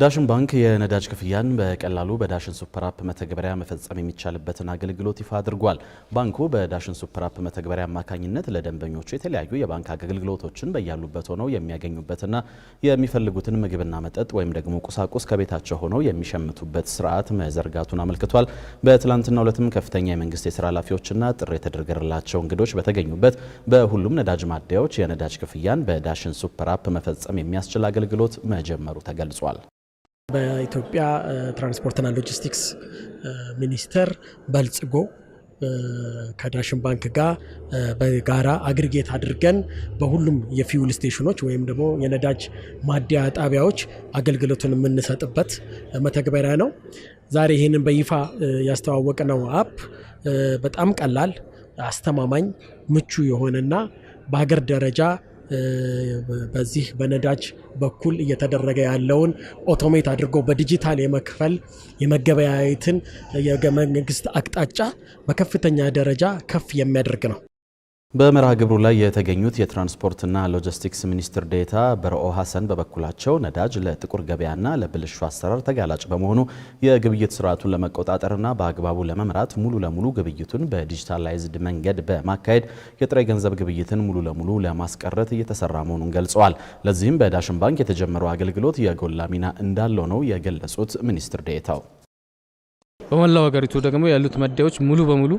ዳሽን ባንክ የነዳጅ ክፍያን በቀላሉ በዳሽን ሱፐር አፕ መተግበሪያ መፈጸም የሚቻልበትን አገልግሎት ይፋ አድርጓል። ባንኩ በዳሽን ሱፐር አፕ መተግበሪያ አማካኝነት ለደንበኞቹ የተለያዩ የባንክ አገልግሎቶችን በያሉበት ሆነው የሚያገኙበትና የሚፈልጉትን ምግብና መጠጥ ወይም ደግሞ ቁሳቁስ ከቤታቸው ሆነው የሚሸምቱበት ስርዓት መዘርጋቱን አመልክቷል። በትላንትናው ዕለትም ከፍተኛ የመንግስት የስራ ኃላፊዎችና ጥሪ የተደረገላቸው እንግዶች በተገኙበት በሁሉም ነዳጅ ማደያዎች የነዳጅ ክፍያን በዳሽን ሱፐር አፕ መፈጸም የሚያስችል አገልግሎት መጀመሩ ተገልጿል። በኢትዮጵያ ትራንስፖርትና ሎጂስቲክስ ሚኒስቴር በልጽጎ ከዳሽን ባንክ ጋር በጋራ አግሪጌት አድርገን በሁሉም የፊውል ስቴሽኖች ወይም ደግሞ የነዳጅ ማደያ ጣቢያዎች አገልግሎቱን የምንሰጥበት መተግበሪያ ነው። ዛሬ ይህንን በይፋ ያስተዋወቅነው አፕ በጣም ቀላል፣ አስተማማኝ፣ ምቹ የሆነና በሀገር ደረጃ በዚህ በነዳጅ በኩል እየተደረገ ያለውን ኦቶሜት አድርጎ በዲጂታል የመክፈል የመገበያየትን የመንግስት አቅጣጫ በከፍተኛ ደረጃ ከፍ የሚያደርግ ነው። በመርሃ ግብሩ ላይ የተገኙት የትራንስፖርትና ሎጂስቲክስ ሚኒስትር ዴታ በርኦ ሀሰን በበኩላቸው ነዳጅ ለጥቁር ገበያና ለብልሹ አሰራር ተጋላጭ በመሆኑ የግብይት ስርዓቱን ለመቆጣጠርና በአግባቡ ለመምራት ሙሉ ለሙሉ ግብይቱን በዲጂታላይዝድ መንገድ በማካሄድ የጥሬ ገንዘብ ግብይትን ሙሉ ለሙሉ ለማስቀረት እየተሰራ መሆኑን ገልጸዋል። ለዚህም በዳሽን ባንክ የተጀመረው አገልግሎት የጎላ ሚና እንዳለው ነው የገለጹት ሚኒስትር ዴታው። በመላው ሀገሪቱ ደግሞ ያሉት መዳዎች ሙሉ በሙሉ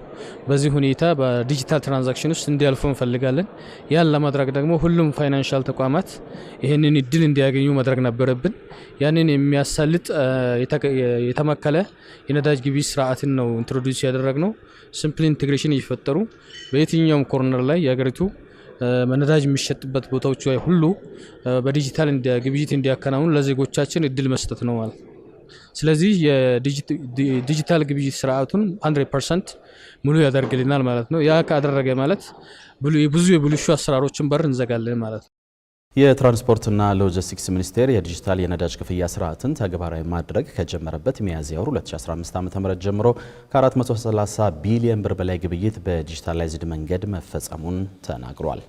በዚህ ሁኔታ በዲጂታል ትራንዛክሽን ውስጥ እንዲያልፉ እንፈልጋለን። ያን ለማድረግ ደግሞ ሁሉም ፋይናንሻል ተቋማት ይህንን እድል እንዲያገኙ ማድረግ ነበረብን። ያንን የሚያሳልጥ የተመከለ የነዳጅ ግቢ ስርዓትን ነው ኢንትሮዲውስ ያደረግነው። ሲምፕል ኢንቴግሬሽን እየፈጠሩ በየትኛውም ኮርነር ላይ የሀገሪቱ ነዳጅ የሚሸጥበት ቦታዎች ላይ ሁሉ በዲጂታል ግብይት እንዲያከናውኑ ለዜጎቻችን እድል መስጠት ነው ማለት ነው። ስለዚህ የዲጂታል ግብይት ስርዓቱን 100 ፐርሰንት ሙሉ ያደርግልናል ማለት ነው። ያ ካደረገ ማለት ብዙ የብልሹ አሰራሮችን በር እንዘጋለን ማለት ነው። የትራንስፖርትና ሎጂስቲክስ ሚኒስቴር የዲጂታል የነዳጅ ክፍያ ስርዓትን ተግባራዊ ማድረግ ከጀመረበት ሚያዝያ ወር 2015 ም ጀምሮ ከ430 ቢሊዮን ብር በላይ ግብይት በዲጂታላይዝድ መንገድ መፈጸሙን ተናግሯል።